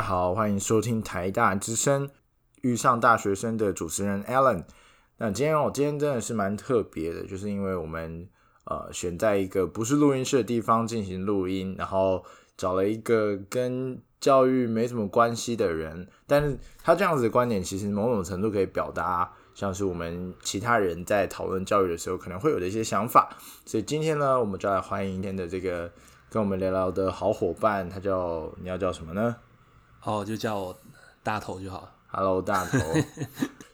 好，歡迎收聽台大之聲育上大學生的主持人 Allen。那今天我、哦、今天真的是蠻特別的，就是因為我們呃選在一個不是錄音室的地方進行錄音，然後找了一個跟教育沒什麼關係的人，但是他這樣子的觀點，其實某種程度可以表達像是我們其他人在討論教育的時候可能會有的一些想法。所以今天呢，我們就來歡迎今天的這個跟我們聊聊的好夥伴，他叫你要叫什麼呢？好，就叫我大頭就好。Hello，大頭。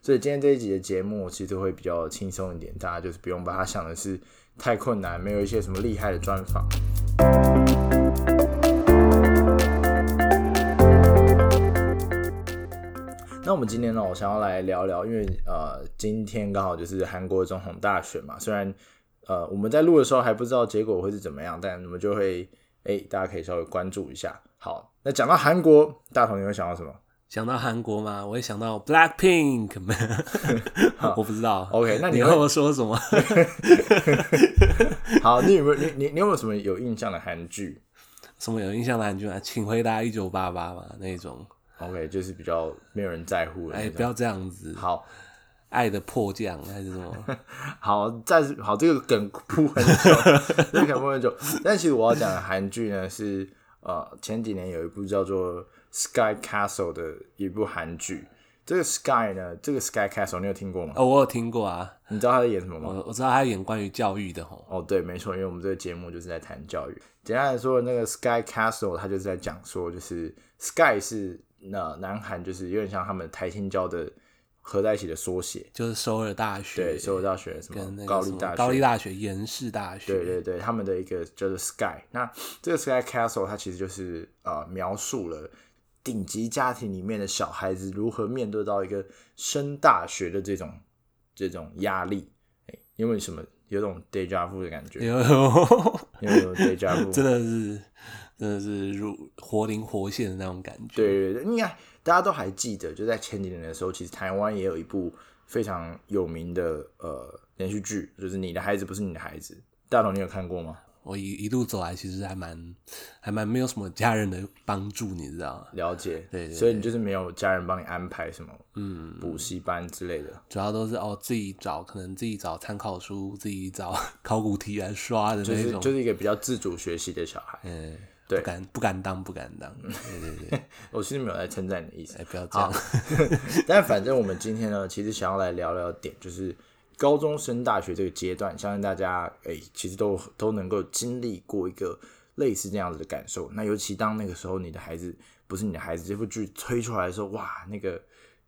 所以今天這一集的節目其實會比較輕鬆一點，大家就是不用把它想的是太困難，沒有一些什麼厲害的專訪。 那我們今天呢，我想要來聊聊，因為呃，今天剛好就是韓國總統大選嘛。雖然呃，我們在錄的時候還不知道結果會是怎麼樣，但我們就會哎、欸，大家可以稍微關注一下。好，那講到韓國，大頭你會想到什麼？到韓想到韓國嗎？我會想到 Blackpink。 好 我不知道。OK，那你會你要要說什麼？ 好，你有沒有你你有沒有什麼有印象的韓劇？ 什麼有印象的韓劇啊？請回答一九八八吧，那一種。OK， 就是比較沒有人在乎的。哎、欸，不要這樣子。好，愛的迫降還是什麼？ 好，再好，這個梗鋪很久， 這個梗鋪很久。 但其實我要講的韓劇呢是。呃，前幾年有一部叫做《Sky Castle》的一部韓劇，這個 Sky 呢，這個 Sky Castle 你有聽過嗎？哦，我有聽過啊，你知道他在演什麼嗎？我，我知道他演關於教育的哦。哦，對，沒錯，因為我們這個節目就是在談教育。簡單來說，那個 Sky Castle 他就是在講說，就是 Sky 是那南韓，就是有點像他們台清交的合在一起的縮寫就是首爾大學，對首爾大學，什麼，什麼高麗大學、高麗大學、延世大學，對對對，他們的一個叫做 Sky。那這個 Sky Castle 它其實就是呃描述了頂級家庭裡面的小孩子如何面對到一個升大學的這種這種壓力。因、欸、為什麼？有種 déjà vu 的感覺， 有有 déjà vu， 真的是。真的是如活靈活現的那種感覺。對對對，應該大家都還記得，就在前幾年的時候，其實台灣也有一部非常有名的呃連續劇，就是《你的孩子不是你的孩子》。大頭，你有看過嗎？我一一路走來，其實還蠻還蠻沒有什麼家人的幫助，你知道嗎？了解，對，對，對，所以你就是沒有家人幫你安排什麼嗯補習班之類的，嗯、主要都是哦自己找，可能自己找參考書，自己找考古題來刷的那種，就是、就是、一個比較自主學習的小孩，嗯。對，不敢，不敢當，不敢當。對對對， 我其實沒有在稱讚你的意思，哎、欸，不要這樣。 但反正我們今天呢，其實想要來聊聊點，就是高中升大學這個階段，相信大家，哎、欸，其實都都能夠經歷過一個類似這樣子的感受。那尤其當那個時候，你的孩子不是你的孩子，這部劇推出來的時候，哇，那個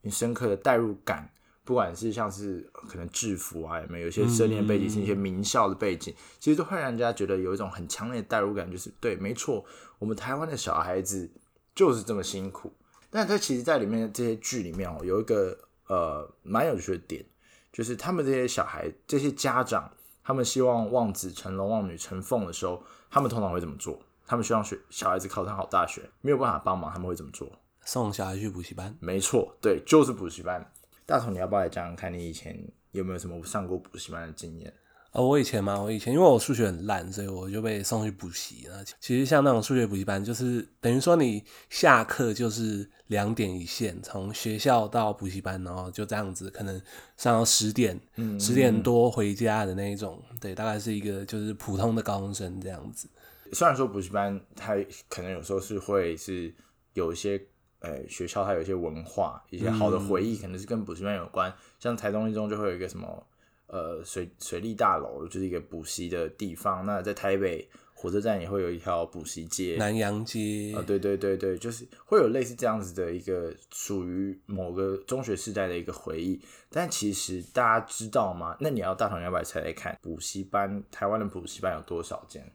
你深刻的代入感。不管是像是可能制服啊，有沒有，有一些社經背景，是一些名校的背景，嗯，其實都會讓人家覺得有一種很強烈的代入感，就是對，沒錯，我們台灣的小孩子就是這麼辛苦。但他其實，在裡面這些劇裡面哦，有一個呃蠻有趣的點，就是他們這些小孩，這些家長，他們希望望子成龍、望女成鳳的時候，他們通常會怎麼做？他們希望學小孩子考上好大學，沒有辦法幫忙，他們會怎麼做？送小孩去補習班？沒錯，對，就是補習班。大頭，你要不要也講講看你以前有沒有什麼上過補習班的經驗哦，我以前嘛，我以前因為我數學很爛，所以我就被送去補習了。其實像那種數學補習班，就是等於說你下課就是兩點一線，從學校到補習班，然後就這樣子，可能上到十點、嗯、十點多回家的那一種。對，大概是一個就是普通的高中生這樣子。雖然說補習班它可能有時候是會是有一些。哎、欸，學校它有一些文化，一些好的回憶，可能是跟補習班有關，嗯。像台中一中就會有一個什麼，呃，水水利大樓就是一個補習的地方。那在台北火車站也會有一條補習街，南陽街。啊，呃，對對對對，就是會有類似這樣子的一個屬於某個中學時代的一個回憶。但其實大家知道嗎？那你要大頭，要不要猜猜看補習班，台灣的補習班有多少間？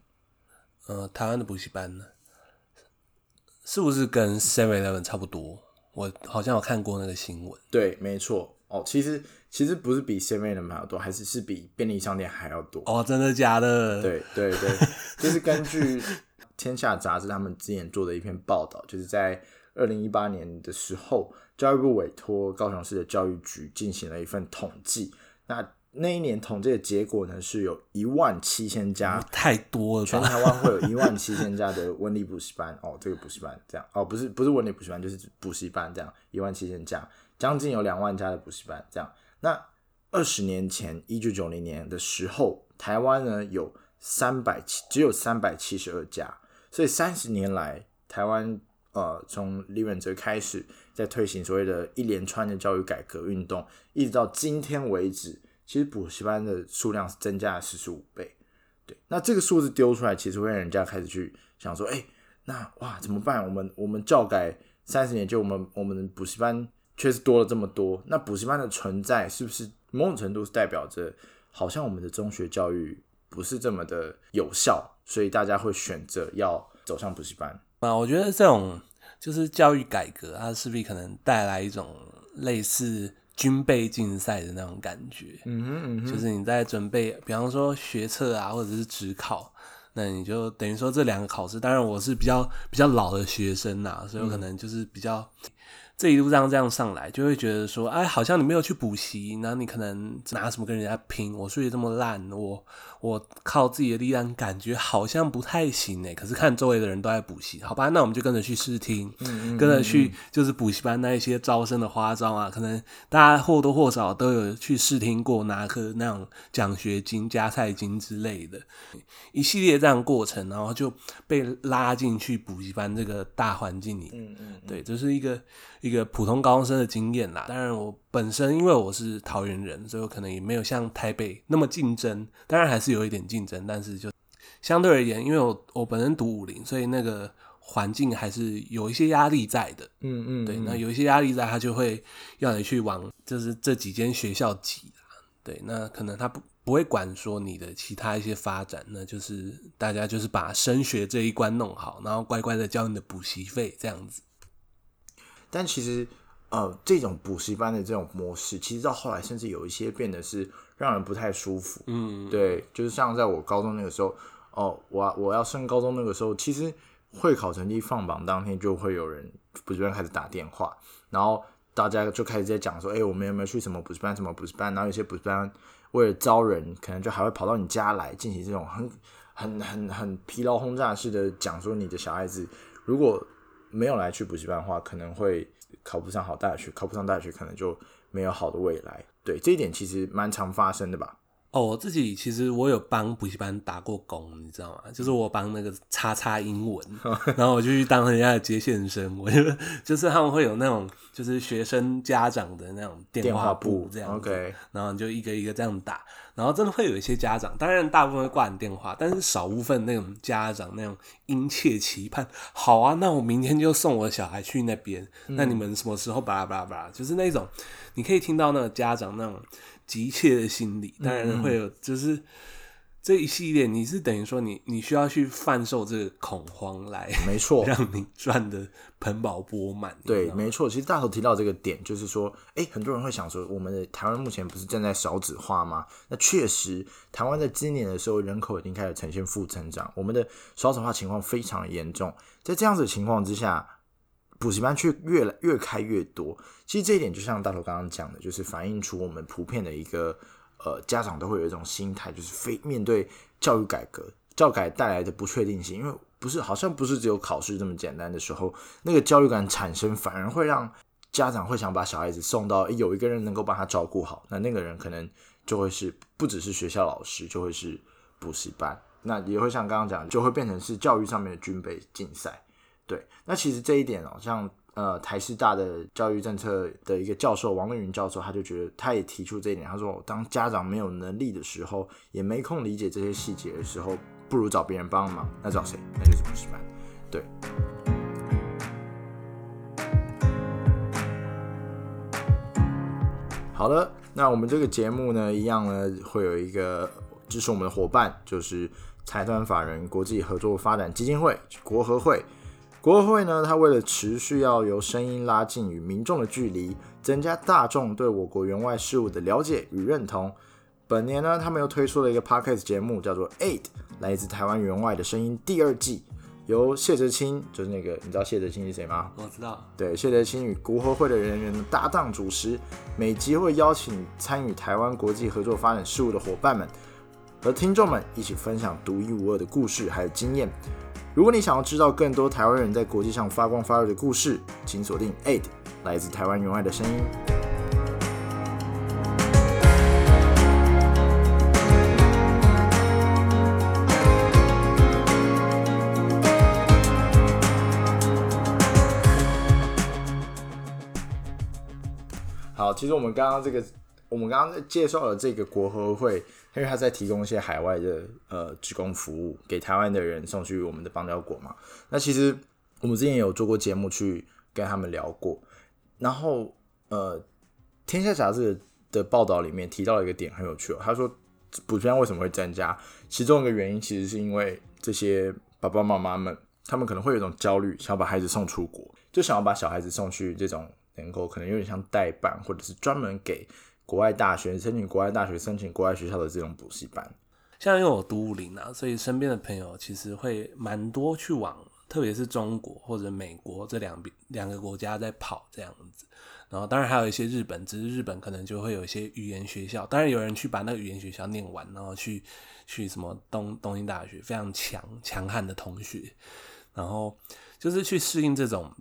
呃，台灣的補習班呢？是不是跟 Seven Eleven 差不多？我好像有看過那個新聞。對，沒錯哦。其實其實不是比 Seven Eleven 還要多，還是是比便利商店還要多。哦，真的假的？對對對，對 就是根據《天下》雜誌他們之前做的一篇報道，就是在二零一八年的時候，教育部委托高雄市的教育局進行了一份統計。那那一年統計的結果呢，是有一萬七千家，太多了。全台灣會有一萬七千家的文理補習班 哦，這個補習班這樣哦，不是不是文理補習班，就是補習班這樣，一萬七千家，將近有兩萬家的補習班這樣。那二十年前，一九九零年的時候，台灣呢有三百七，只有三百七十二家，所以三十年來，台灣呃從李遠哲開始在推行所謂的一連串的教育改革運動，一直到今天為止。其實補習班的數量是增加了四十五倍，對。那這個數字丟出來，其實會讓人家開始去想說：哎，那哇怎麼辦？我們我們教改三十年，就我們我們的補習班確實多了這麼多。那補習班的存在，是不是某種程度是代表着，好像我們的中學教育不是這麼的有效，所以大家會選擇要走上補習班？啊，我覺得這種就是教育改革，它勢必可能帶來一種類似。軍備競賽的那種感覺，嗯、mm -hmm, mm -hmm. 就是你在準備，比方說學測啊，或者是指考，那你就等於說，這兩個考試，當然我是比較比較老的學生吶、啊，所以我可能就是比較、mm -hmm. 這一路這樣這樣上來，就會覺得說，哎，好像你沒有去補習，然後你可能拿什麼跟人家拼？我數學這麼爛，我。我靠自己的力量，感覺好像不太行呢。可是看周圍的人都在補習，好吧，那我們就跟着去試聽，嗯嗯嗯嗯，跟着去就是補習班那一些招生的花招啊。可能大家或多或少都有去試聽過，拿科那種獎學金、加菜金之類的，一系列這樣的過程，然後就被拉進去補習班這個大環境裡。嗯嗯，嗯，對，這、就是一個一個普通高中生的經驗啦。當然我。本身因為我是桃園人，所以我可能也沒有像台北那麼競爭，當然還是有一點競爭，但是就相對而言，因為我我本身讀武陵，所以那個環境還是有一些壓力在的。嗯嗯，對，那、嗯、有一些壓力在，他就會要你去往就是這幾間學校擠。對，那可能他不不會管說你的其他一些發展，那就是大家就是把升學這一關弄好，然後乖乖的交你的補習費這樣子。但其實。呃，這種補習班的這種模式，其實到後來甚至有一些變得是讓人不太舒服。嗯，嗯，對，就是像在我高中那個時候，哦、呃、我、啊、我要升高中那個時候，其實會考成績放榜當天就會有人補習班開始打電話，然後大家就開始在講說，哎、欸，我們有沒有去什麼補習班？什麼補習班？然後有些補習班為了招人，可能就還會跑到你家來進行這種很很很很疲勞轟炸式的講說，你的小孩子如果沒有來去補習班的話，可能會考不上好大學，考不上大學可能就沒有好的未來。對，這一點，其實蠻常發生的吧。哦，我自己其實我有幫補習班打過工，你知道嗎？就是我幫那個叉叉英文， 然後我就去當人家的接線生。我就就是他們會有那種就是學生家長的那種電話簿這樣電話簿、okay. 然後就一個一個這樣打。然後真的會有一些家長，當然大部分會掛你電話，但是少部分那種家長那種殷切期盼，好啊，那我明天就送我小孩去那邊、嗯。那你們什麼時候？巴拉巴拉巴拉，就是那種。你可以聽到那個家長那種急切的心理，當然會有，就是這一系列，你是等於說你你需要去販售這個恐慌來，沒錯，讓你賺的盆飽缽滿。對，沒錯。其實大頭提到這個點，就是說，哎、欸，很多人會想說，我們的台灣目前不是正在少子化嗎？那確實，台灣在今年的時候人口已經開始呈現負成長，我們的少子化情況非常嚴重。在這樣子的情況之下。補習班卻越來越開越多，其實這一點就像大頭剛剛講的，就是反映出我們普遍的一個呃家長都會有一種心態，就是非面對教育改革、教改帶來的不確定性，因為不是好像不是只有考試這麼簡單的時候，那個焦慮感產生，反而會讓家長會想把小孩子送到、欸、有一個人能夠幫他照顧好，那那個人可能就會是不只是學校老師，就會是補習班，那也會像剛剛講，就會變成是教育上面的軍備競賽。對，那其實這一點哦，像呃台師大的教育政策的一個教授王麗雲教授，他就覺得他也提出這一點，他說當家長沒有能力的時候，也沒空理解這些細節的時候，不如找別人幫忙，那找誰？那就是補習班。對，好了，那我們這個節目呢，一樣呢會有一個支持我們的夥伴，就是財團法人國際合作發展基金會國合會。國合會呢，它為了持續要由聲音拉近與民眾的距離，增加大眾對我國援外事務的了解與認同，本年呢，他們又推出了一個 podcast 節目，叫做《Aid 來自台灣援外的聲音》第二季，由謝哲清，就是那個你知道謝哲清是誰嗎？我知道。對，謝哲清與國合會的人員的搭檔主持，每集會邀請參與台灣國際合作發展事務的夥伴們和聽眾們一起分享獨一無二的故事還有經驗。如果你想要知道更多台灣人在國際上發光發熱的故事，請鎖定《8》，來自台灣人愛的聲音。好，其實我們剛剛這個。我們剛剛介紹了這個國合會，因為他在提供一些海外的呃志工服務給台灣的人送去我們的邦交國嘛。那其實我們之前也有做過節目去跟他們聊過，然後呃，《天下雜誌》的報道裡面提到一個點很有趣哦，他說補教為什麼會增加？其中一個原因其實是因為這些爸爸媽媽們，他們可能會有一種焦慮，想要把孩子送出國，就想要把小孩子送去這種能夠可能有點像代辦或者是專門給。國外大學申請，國外大學申請，國外學校的這種補習班，像因為我讀武陵啊，所以身邊的朋友其實會蠻多去往，特別是中國或者美國這兩邊兩個國家在跑這樣子，然後當然還有一些日本，只是日本可能就會有一些語言學校，當然有人去把那個語言學校念完，然後去去什麼東東京大學，非常強，強悍的同學，然後就是去適應這種。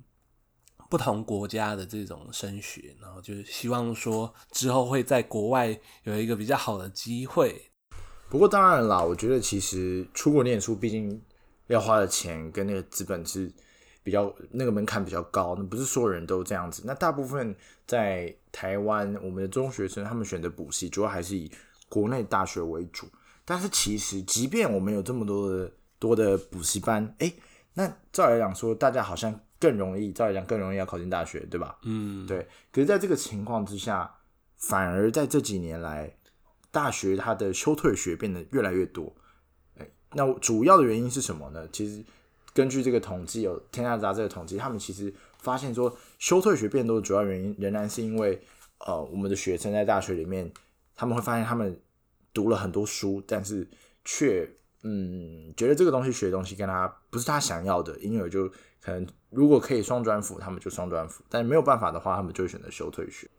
不同國家的這種升學，然後就是希望說之後會在國外有一個比較好的機會。不過當然啦，我覺得其實出國念書，畢竟要花的錢跟那個資本是比較那個門檻比較高，那不是所有人都這樣子。那大部分在台灣，我們的中學生他們選擇補習，主要還是以國內大學為主。但是其實，即便我們有這麼多的多的補習班，哎、欸，那照來講說，大家好像。更容易，照理講更容易要考進大學，對吧？嗯，對。可是，在這個情況之下，反而在這幾年來，大學它的休退學變得越來越多。欸，那主要的原因是什麼呢？其實根據這個統計，有《天下雜誌》的統計，他們其實發現說，休退學變多的主要原因仍然是因為，呃，我們的學生在大學裡面，他們會發現他們讀了很多書，但是卻嗯，覺得這個東西學的東西跟他不是他想要的，因為就可能。如果可以雙轉輔，他們就雙轉輔；但是沒有辦法的話，他們就會選擇休退學。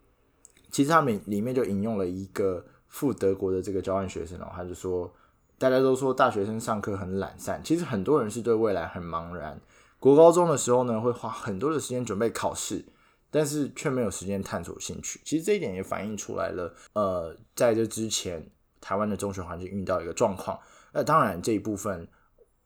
其實他們裡面就引用了一個赴德國的這個交換學生哦，然後他就說：大家都說大學生上課很懶散，其實很多人是對未來很茫然。國高中的時候呢，會花很多的時間準備考試，但是卻沒有時間探索興趣。其實這一點也反映出來了。呃，在這之前，台灣的中學環境遇到一個狀況。那、呃、當然這一部分。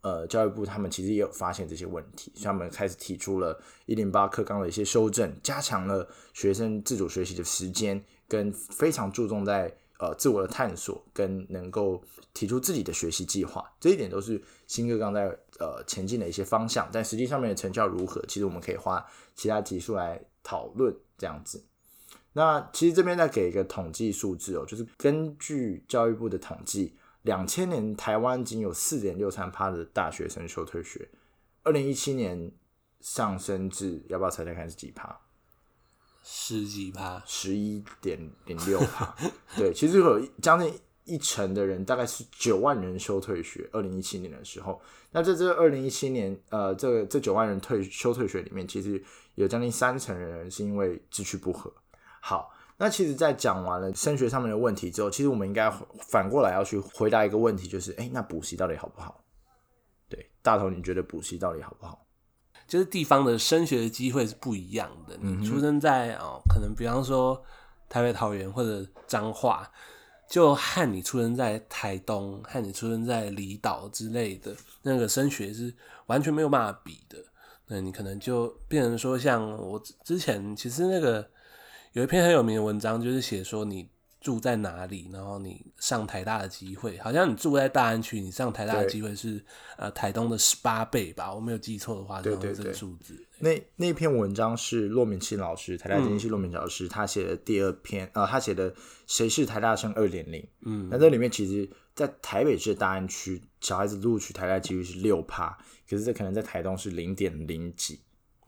呃，教育部他們其實也有發現這些問題，所以他們開始提出了一零八課綱的一些修正，加強了學生自主學習的時間，跟非常注重在呃自我的探索，跟能夠提出自己的學習計劃，這一點都是新課綱在呃前進的一些方向。但實際上面的成效如何，其實我們可以花其他題數來討論這樣子。那其實這邊再給一個統計數字哦，就是根據教育部的統計。兩千年台灣僅有四點六三趴的大學生休退學，二零一七年上升至要不要猜猜看是幾趴？十幾趴？十一點零六趴？ 對，其實有將近一成的人，大概是九萬人休退學。二零一七年的時候，那在這二零一七年，呃，這這九萬人退休退學裡面，其實有將近三成的人是因為志趣不合。好。那其實，在講完了升學上面的問題之後，其實我們應該反過來要去回答一個問題，就是：欸，那補習到底好不好？對，大頭，你覺得補習到底好不好？就是地方的升學的機會是不一樣的。你出生在哦，可能比方說台北、桃園或者彰化，就和你出生在台東，和你出生在離島之類的，那個升學是完全沒有辦法比的。那你可能就變成說，像我之前其實那個。有一篇很有名的文章，就是寫說你住在哪裡，然後你上台大的機會，好像你住在大安區，你上台大的機會是呃台東的十八倍吧？我沒有記錯的話，對對對，欸、那那篇文章是駱明慶老師，台大經濟系駱明老師，嗯、他寫的第二篇啊、呃，他寫的《誰是台大生二點零》。嗯，那這裡面其實，在台北市的大安區，小孩子錄取台大幾率是六趴，可是這可能在台東是零點零幾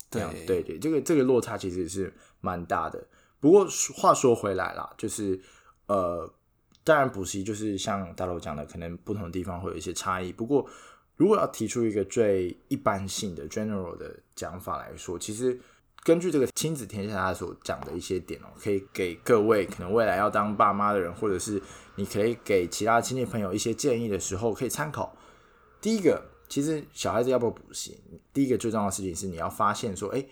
對。對對對，這個這個落差其實是蠻大的。不過話說回來啦，就是，呃，當然補習就是像大頭講的，可能不同的地方會有一些差異。不過，如果要提出一個最一般性的 general 的講法來說，其實根據這個親子天下他所講的一些點哦，可以給各位可能未來要當爸媽的人，或者是你可以給其他親戚朋友一些建議的時候，可以參考。第一個，其實小孩子要不要補習，第一個最重要的事情是你要發現說，哎。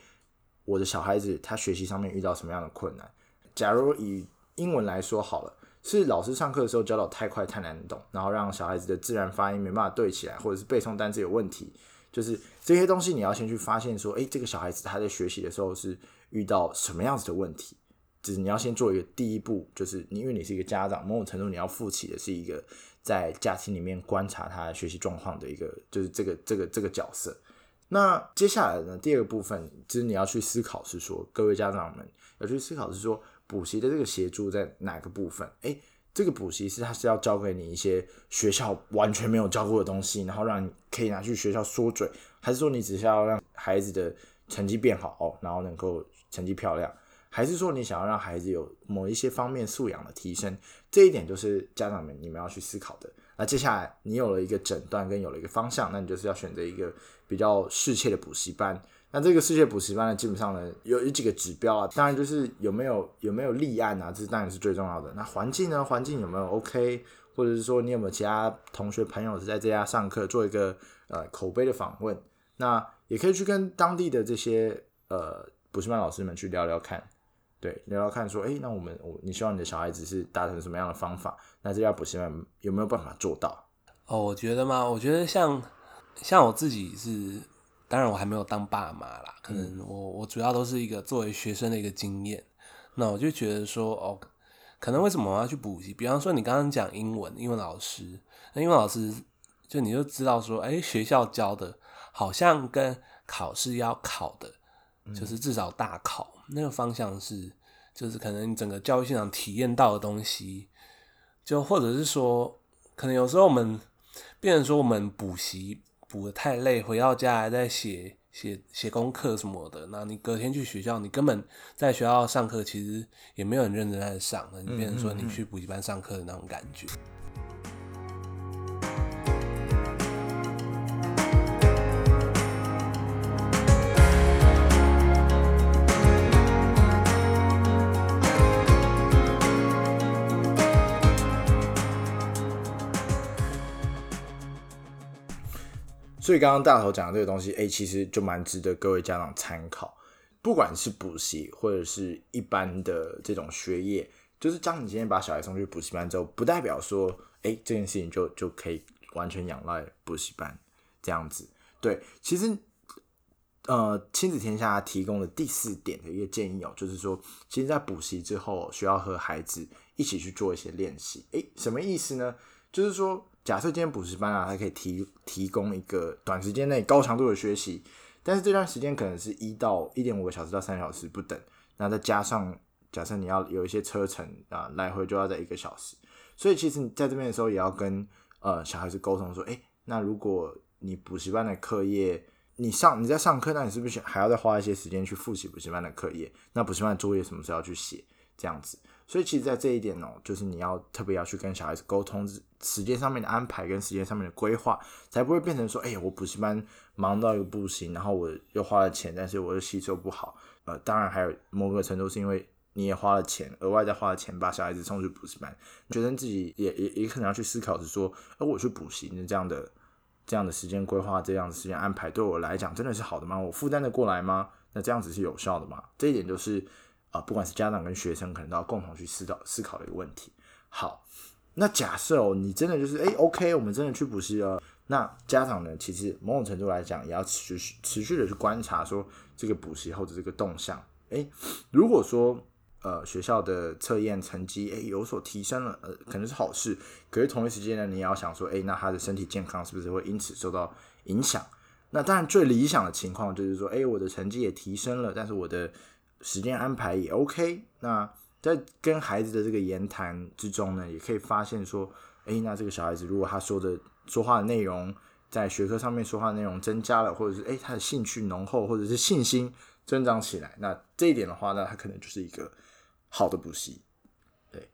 我的小孩子他學習上面遇到什麼樣的困難？假如以英文來說好了，是老師上課的時候教導太快太難懂，然後讓小孩子的自然發音沒辦法對起來，或者是背誦單詞有問題，就是這些東西你要先去發現說，誒，這個小孩子他在學習的時候是遇到什麼樣子的問題？就是你要先做一個第一步，就是你因為你是一個家長，某種程度你要負起的是一個在家庭裡面觀察他學習狀況的一個，就是這個這個這個角色。那接下來呢？第二個部分就是你要去思考，是說各位家長們要去思考，是說補習的這個協助在哪個部分？哎，欸，這個補習是他是要教給你一些學校完全沒有教過的東西，然後讓你可以拿去學校說嘴，還是說你只是要讓孩子的成績變好，哦，然後能夠成績漂亮，還是說你想要讓孩子有某一些方面素養的提升？這一點就是家長們你們要去思考的。那接下來你有了一個診斷，跟有了一個方向，那你就是要選擇一個比較適切的補習班。那這個適切補習班呢，基本上呢有有幾個指標啊，當然就是有沒有有沒有立案啊，這是當然是最重要的。那環境呢，環境有沒有 OK，或者是說你有沒有其他同學朋友是在這家上課，做一個呃口碑的訪問，那也可以去跟當地的這些呃補習班老師們去聊聊看。對，你要看說，誒，那我們我你希望你的小孩子是達成什麼樣的方法？那這家補習班有沒有辦法做到？哦，我覺得嘛，我覺得像像我自己是，當然我還沒有當爸媽啦，可能我我主要都是一個作為學生的一個經驗。那我就覺得說，哦，可能為什麼我要去補習？比方說你剛剛講英文，英文老師，那英文老師就你就知道說，誒，學校教的，好像跟考試要考的。就是至少大考那個方向是，就是可能你整個教育現場體驗到的東西，就或者是說，可能有時候我們，變成說我們補習補的太累，回到家還在寫寫寫功課什麼的，那你隔天去學校，你根本在學校上課其實也沒有人認真在上，那你變成說你去補習班上課的那種感覺。所以剛剛大頭講的這個東西，哎、欸，其實就蠻值得各位家長參考。不管是補習或者是一般的這種學業，就是當你今天把小孩送去補習班之後，不代表說，哎、欸，這件事情就就可以完全仰賴補習班這樣子。對，其實，呃，親子天下提供的第四點的一個建議哦，就是說，其實在補習之後，需要和孩子一起去做一些練習。哎、欸，什麼意思呢？就是說。假設今天補習班啊，它可以提提供一個短時間內高強度的學習，但是這段時間可能是一到一點五個小時到三小時不等。那再加上假設你要有一些車程啊，來回就要在一個小時。所以其實你在這邊的時候也要跟呃小孩子溝通說，哎、欸，那如果你補習班的課業你上你在上課，那你是不是還要再花一些時間去複習補習班的課業？那補習班的作業什麼時候要去寫？這樣子。所以，其實，在這一點呢、哦，就是你要特別要去跟小孩子溝通，時間上面的安排跟時間上面的規劃，才不會變成說，哎、欸，我補習班忙到一個不行，然後我又花了錢，但是我又吸收不好。呃，當然還有某個程度是因為你也花了錢，額外再花了錢把小孩子送去補習班，覺得自己也也也可能要去思考是說，哎、呃，我去補習那這樣的這樣的時間規劃，這樣的時間安排，對我來講真的是好的嗎？我負擔得過來嗎？那這樣子是有效的嗎？這一點就是。啊、呃，不管是家長跟學生，可能都要共同去思考思考的一個問題。好，那假設哦，你真的就是哎、欸，OK，我們真的去補習了。那家長呢，其實某種程度來講，也要持續持續的去觀察說，這個補習後的這個動向。哎、欸，如果說呃學校的測驗成績哎、欸，有所提升了，呃可能是好事。可是同一時間呢，你也要想說，哎、欸，那他的身體健康是不是會因此受到影響？那當然最理想的情況就是說，哎、欸，我的成績也提升了，但是我的。時間安排也 OK，那在跟孩子的這個言談之中呢，也可以發現說，欸，那這個小孩子如果他說的說話的內容在學科上面說話的內容增加了，或者是，欸，他的興趣濃厚，或者是信心增長起來，那這一點的話呢，那他可能就是一個好的補習。對，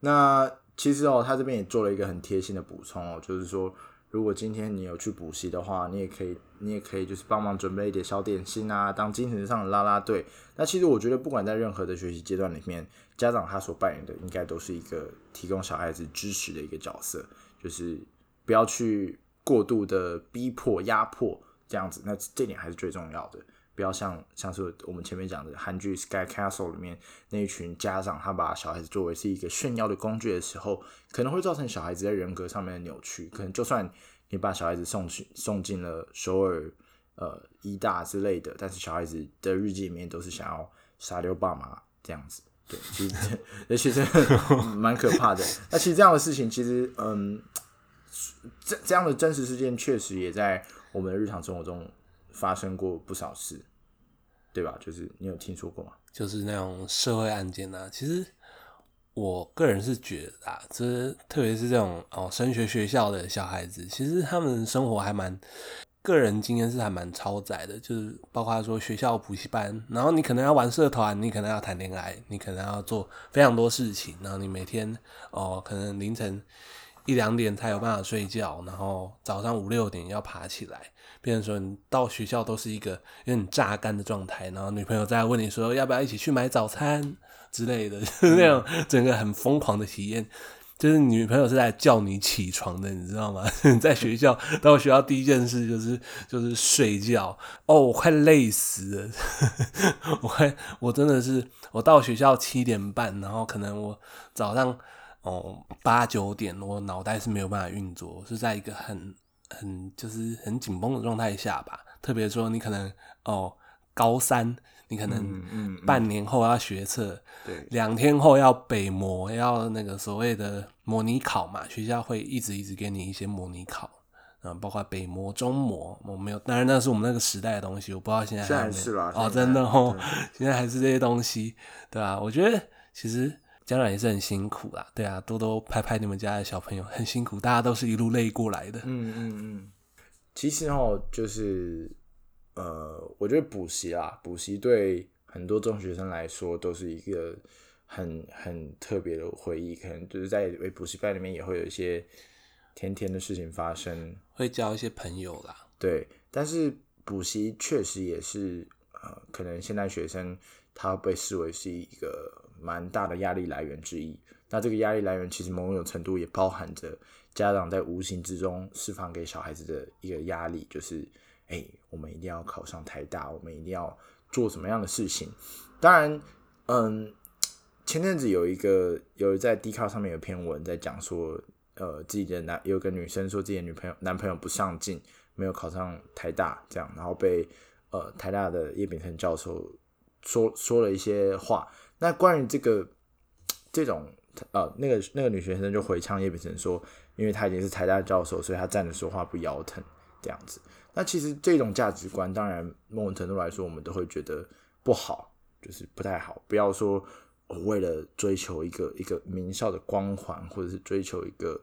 那其實哦，他這邊也做了一個很貼心的補充哦，就是說，如果今天你有去補習的話，你也可以，你也可以就是幫忙準備一點小點心啊，當精神上的啦啦隊。那其實我覺得，不管在任何的學習階段裡面，家長他所扮演的應該都是一個提供小孩子支持的一個角色，就是不要去過度的逼迫、壓迫這樣子。那這點還是最重要的。不要像像是我們前面講的韓劇《Sky Castle》裡面那一群家長，他把小孩子作為是一個炫耀的工具的時候，可能會造成小孩子在人格上面的扭曲。可能就算你把小孩子送去送進了首爾呃醫大之類的，但是小孩子的日記裡面都是想要殺掉爸媽這樣子。對，其實這， 其實這其實蠻可怕的。那 其實這樣的事情，其實嗯，這這樣的真實事件確實也在我們日常生活中發生過不少事。對吧？就是你有聽說過嗎？就是那種社會案件啊。其實，我個人是覺得啊，就是特別是這種哦，升學學校的小孩子，其實他們生活還蠻，個人經驗是還蠻超載的。就是包括說學校補習班，然後你可能要玩社團，你可能要談戀愛，你可能要做非常多事情，然後你每天哦，可能凌晨。一兩點才有辦法睡覺，然後早上五六點要爬起來，變成說你到學校都是一個有點榨乾的狀態，然後女朋友在問你說要不要一起去買早餐之類的，嗯、 那種整個很瘋狂的體驗，就是女朋友是在叫你起床的，你知道嗎？你 在學校到學校第一件事就是就是睡覺哦，我快累死了， 我快我真的是我到學校七點半，然後可能我早上。哦，八九點，我腦袋是沒有辦法運作，是在一個很很就是很緊繃的狀態下吧。特別說，你可能哦，高三，你可能半年後要學測，對、嗯，嗯嗯、兩天後要北模，要那個所謂的模擬考嘛，學校會一直一直給你一些模擬考，嗯，包括北模、中模，我沒有，當然那是我們那個時代的東西，我不知道現在還現在是吧？哦，真的哦，對對對現在還是這些東西，對吧、啊？我覺得其實。家長也是很辛苦啦，啊，對啊，多多拍拍你們家的小朋友，很辛苦，大家都是一路累過來的。嗯嗯嗯。其實哦，就是呃，我覺得補習啊，補習對很多中學生來說都是一個很很特別的回憶，可能就是在補習班裡面也會有一些甜甜的事情發生，會交一些朋友啦。對，但是補習確實也是呃，可能現在學生他被視為是一個。蠻大的壓力來源之一。那這個壓力來源其實某種程度也包含着家長在無形之中釋放給小孩子的一個壓力，就是哎、欸，我們一定要考上台大，我們一定要做什麼樣的事情。當然，嗯，前陣子有一個有在 D 咖上面有篇文在講說，呃，自己的男有個女生說自己的女朋友男朋友不上進，沒有考上台大，這樣，然後被呃台大的葉秉成教授說說，說了一些話。那關於這個這種呃，那個那個女學生就回嗆葉丙成說，因為她已經是台大教授，所以她站着說話不腰疼這樣子。那其實這種價值觀，當然某種程度來說，我們都會覺得不好，就是不太好。不要說我、哦、為了追求一個一個名校的光環，或者是追求一個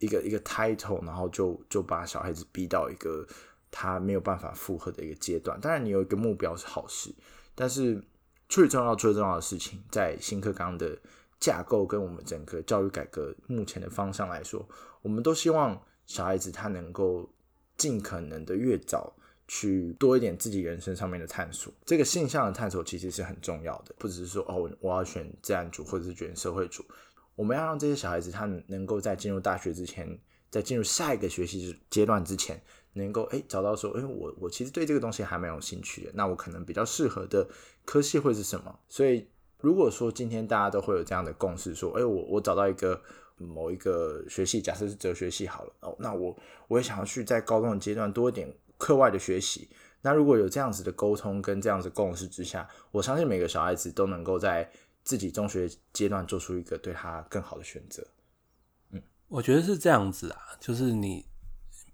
一個一個 title，然後就就把小孩子逼到一個他沒有辦法負荷的一個階段。當然，你有一個目標是好事，但是最重要、最重要的事情，在新課綱的架構跟我們整個教育改革目前的方向來說，我們都希望小孩子他能夠盡可能的越早去多一點自己人生上面的探索。這個性向的探索其實是很重要的，不只是說哦，我要選自然組或者是選社會組，我們要讓這些小孩子他能夠在進入大學之前，在進入下一個學習階段之前，能夠誒、欸、找到說誒、欸，我我其實對這個東西還蠻有興趣的，那我可能比較適合的科系會是什麼？所以如果說今天大家都會有這樣的共識說，說、欸、誒，我我找到一個某一個學系，假設是哲學系好了，哦，那我我也想要去在高中的階段多一點課外的學習。那如果有這樣子的溝通跟這樣子的共識之下，我相信每個小孩子都能夠在自己中學階段做出一個對他更好的選擇。嗯，我覺得是這樣子啊，就是你。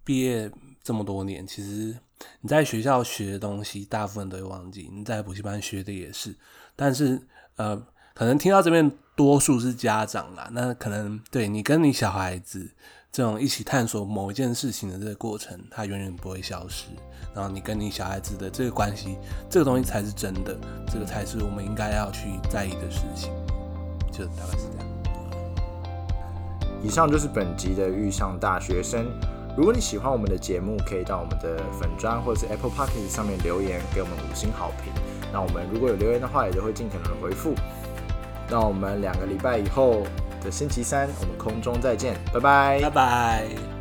畢業這麼多年，其實你在學校學的東西大部分都會忘記，你在補習班學的也是。但是，呃，可能聽到這邊多數是家長啦，那可能對你跟你小孩子這種一起探索某一件事情的這個過程，它永遠不會消失。然後你跟你小孩子的這個關係，這個東西才是真的，這個才是我們應該要去在意的事情。就大概是這樣。以上就是本集的《育上大學生》。如果你喜歡我們的節目，可以到我們的粉專，或者是 Apple Podcast 上面留言給我們五星好評。那我們如果有留言的話，也都會盡可能的回復。那我們兩個禮拜以後的星期三，我們空中再見，拜拜，拜拜。